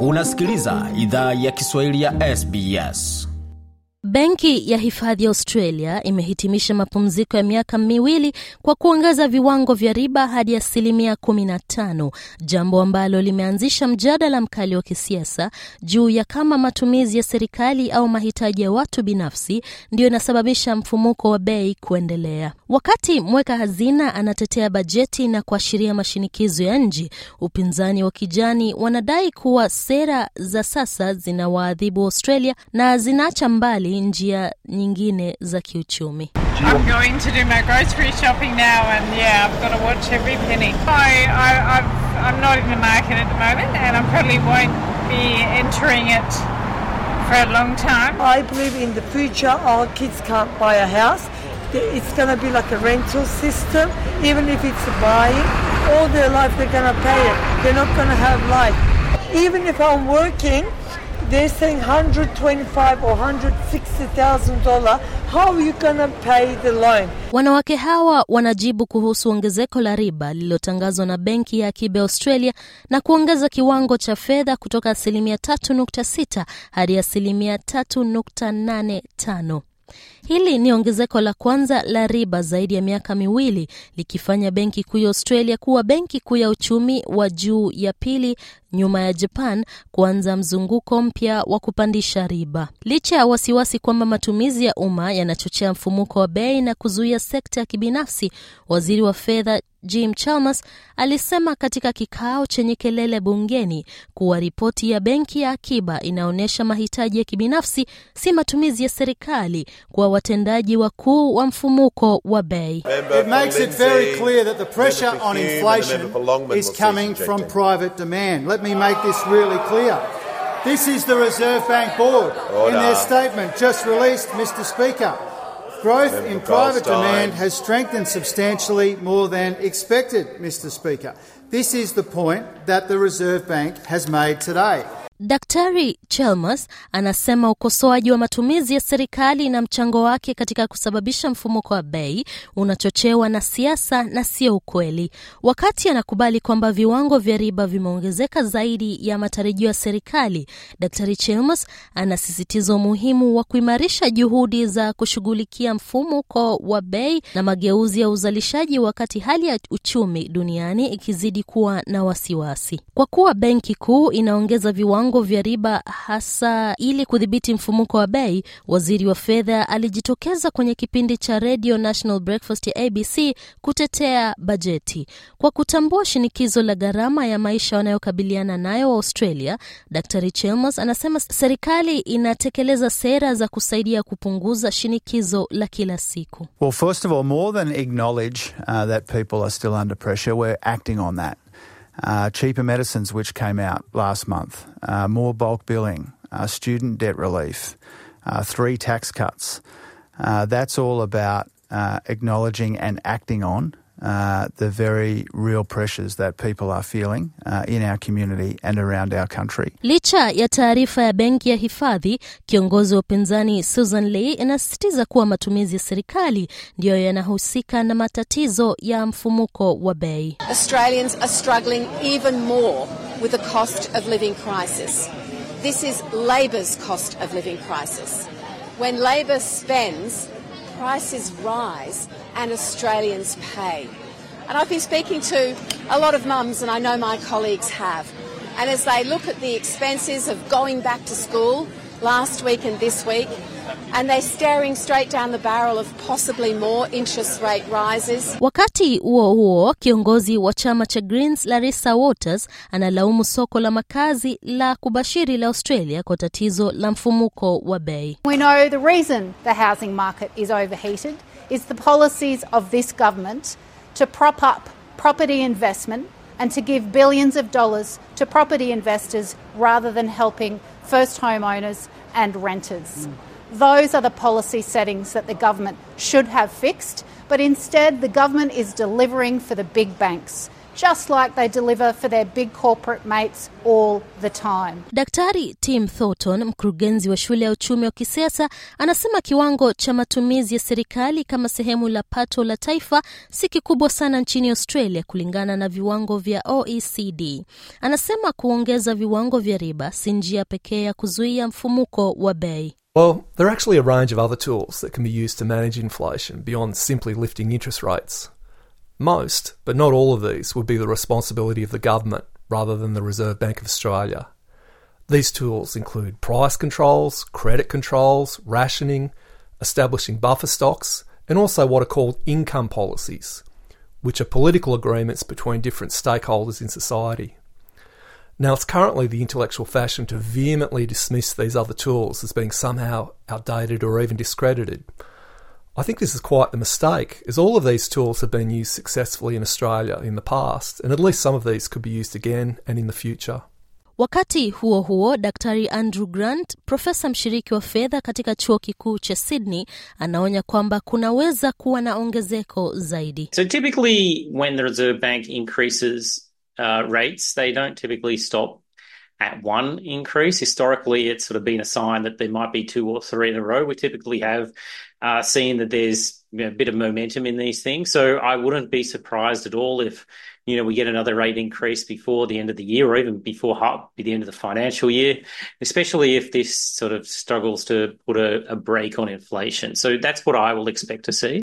Unasikiliza idhaa ya Kiswahili ya SBS. Benki ya Hifadhi ya Australia imehitimisha mapumziko ya miaka miwili kwa kuongeza viwango vya riba hadi asilimia 15, jambo ambalo limeanzisha mjadala mkali wa kisiasa juu ya kama matumizi ya serikali au mahitaji ya watu binafsi ndiyo inasababisha mfumuko wa bei kuendelea. Wakati mweka hazina anatetea bajeti na kuashiria mashinikizo ya nchi, upinzani wa kijani wanadai kuwa sera za sasa zinawaadhibu Australia na zinaacha mbali njia nyingine za kiuchumi. I believe in the future our kids can't buy a house it's going to be like a rental system. Even if it's a buying, all their life they're going to pay it. They're not going to have life. Even if I'm working, they're saying 125 or 160,000 dollars. How are you gonna pay the loan? Wanawake hawa wanajibu kuhusu ongezeko la riba lililotangazwa na benki ya akiba Australia na kuongeza kiwango cha fedha kutoka asilimia 3.6 hadi asilimia 3.85. Hili ni ongezeko la kwanza la riba zaidi ya miaka miwili likifanya benki kuu ya Australia kuwa benki kuu ya uchumi wa juu ya pili nyuma ya Japan kuanza mzunguko mpya wa kupandisha riba. Licha ya wasiwasi kwamba matumizi ya umma yanachochea mfumuko wa bei na kuzuia sekta ya kibinafsi, waziri wa fedha Jim Chalmers alisema katika kikao chenye kelele bungeni kuwa ripoti ya benki ya akiba inaonyesha mahitaji ya kibinafsi si matumizi ya serikali kwa watendaji wakuu wa mfumuko wa bei. It makes it very clear that the pressure on inflation is coming from private demand. let me make this really clear. This is the Reserve Bank Board Order. in their statement just released, Mr. Speaker. Growth Member in private Goldstein. demand has strengthened substantially more than expected, Mr. Speaker. This is the point that the Reserve Bank has made today. Daktari Chalmers anasema ukosoaji wa matumizi ya serikali na mchango wake katika kusababisha mfumuko wa bei unachochewa na siasa na sio ukweli. Wakati anakubali kwamba viwango vya riba vimeongezeka zaidi ya matarajio ya serikali, Daktari Chalmers anasisitiza umuhimu wa kuimarisha juhudi za kushughulikia mfumuko wa bei na mageuzi ya uzalishaji, wakati hali ya uchumi duniani ikizidi kuwa na wasiwasi, kwa kuwa benki kuu inaongeza viwango viwango vya riba hasa ili kudhibiti mfumuko wa bei, waziri wa fedha alijitokeza kwenye kipindi cha Radio National Breakfast ya ABC kutetea bajeti. Kwa kutambua shinikizo la gharama ya maisha wanayokabiliana nayo wa Australia, Dr. Chelmers anasema serikali inatekeleza sera za kusaidia kupunguza shinikizo la kila siku. Well, first of all, more than acknowledge uh, that people are still under pressure, we're acting on that. uh, cheaper medicines, which came out last month, uh, more bulk billing, uh, student debt relief, uh, three tax cuts. Uh, that's all about uh, acknowledging and acting on Uh, the very real pressures that people are feeling uh, in our community and around our country. Licha ya taarifa ya benki ya hifadhi, kiongozi wa upinzani Susan lee inasisitiza kuwa matumizi ya serikali ndiyo yanahusika na matatizo ya mfumuko wa bei. Australians are struggling even more with the cost of living crisis. This is Labor's cost of living crisis. When Labor spends prices rise and Australians pay. And I've been speaking to a lot of mums, and I know my colleagues have. And as they look at the expenses of going back to school last week and this week, and they're staring straight down the barrel of possibly more interest rate rises. Wakati huo huo, kiongozi wa chama cha Greens Larissa Waters analaumu soko la makazi la kubashiri la Australia kwa tatizo la mfumuko wa bei. We know the reason the housing market is overheated is the policies of this government to prop up property investment and to give billions of dollars to property investors rather than helping first homeowners and renters. Mm. Those are the policy settings that the government should have fixed, but instead the government is delivering for the big banks. Just like they deliver for their big corporate mates all the time. Daktari Tim Thornton, mkurugenzi wa shule ya uchumi wa kisiasa, anasema kiwango cha matumizi ya serikali kama sehemu la pato la taifa si kikubwa sana nchini Australia kulingana na viwango vya OECD. Anasema kuongeza viwango vya riba si njia pekee ya kuzuia mfumuko wa bei. Well, there are actually a range of other tools that can be used to manage inflation beyond simply lifting interest rates. Most, but not all of these, would be the responsibility of the government rather than the Reserve Bank of Australia. These tools include price controls, credit controls, rationing, establishing buffer stocks, and also what are called income policies, which are political agreements between different stakeholders in society. Now, it's currently the intellectual fashion to vehemently dismiss these other tools as being somehow outdated or even discredited. I think this is quite the mistake, as all of these tools have been used successfully in Australia in the past, and at least some of these could be used again and in the future. Wakati huo huo, Daktari Andrew Grant, profesa mshiriki wa fedha katika chuo kikuu cha Sydney, anaonya kwamba kunaweza kuwa na ongezeko zaidi. So typically when the Reserve Bank increases uh, rates, they don't typically stop at one increase. Historically, it's sort of been a sign that there might be two or three in a row. We typically have uh, seen that there's you know, a bit of momentum in these things. So I wouldn't be surprised at all if you know we get another rate increase before the end of the year or even before the end of the financial year, especially if this sort of struggles to put a, a break on inflation. So that's what I will expect to see.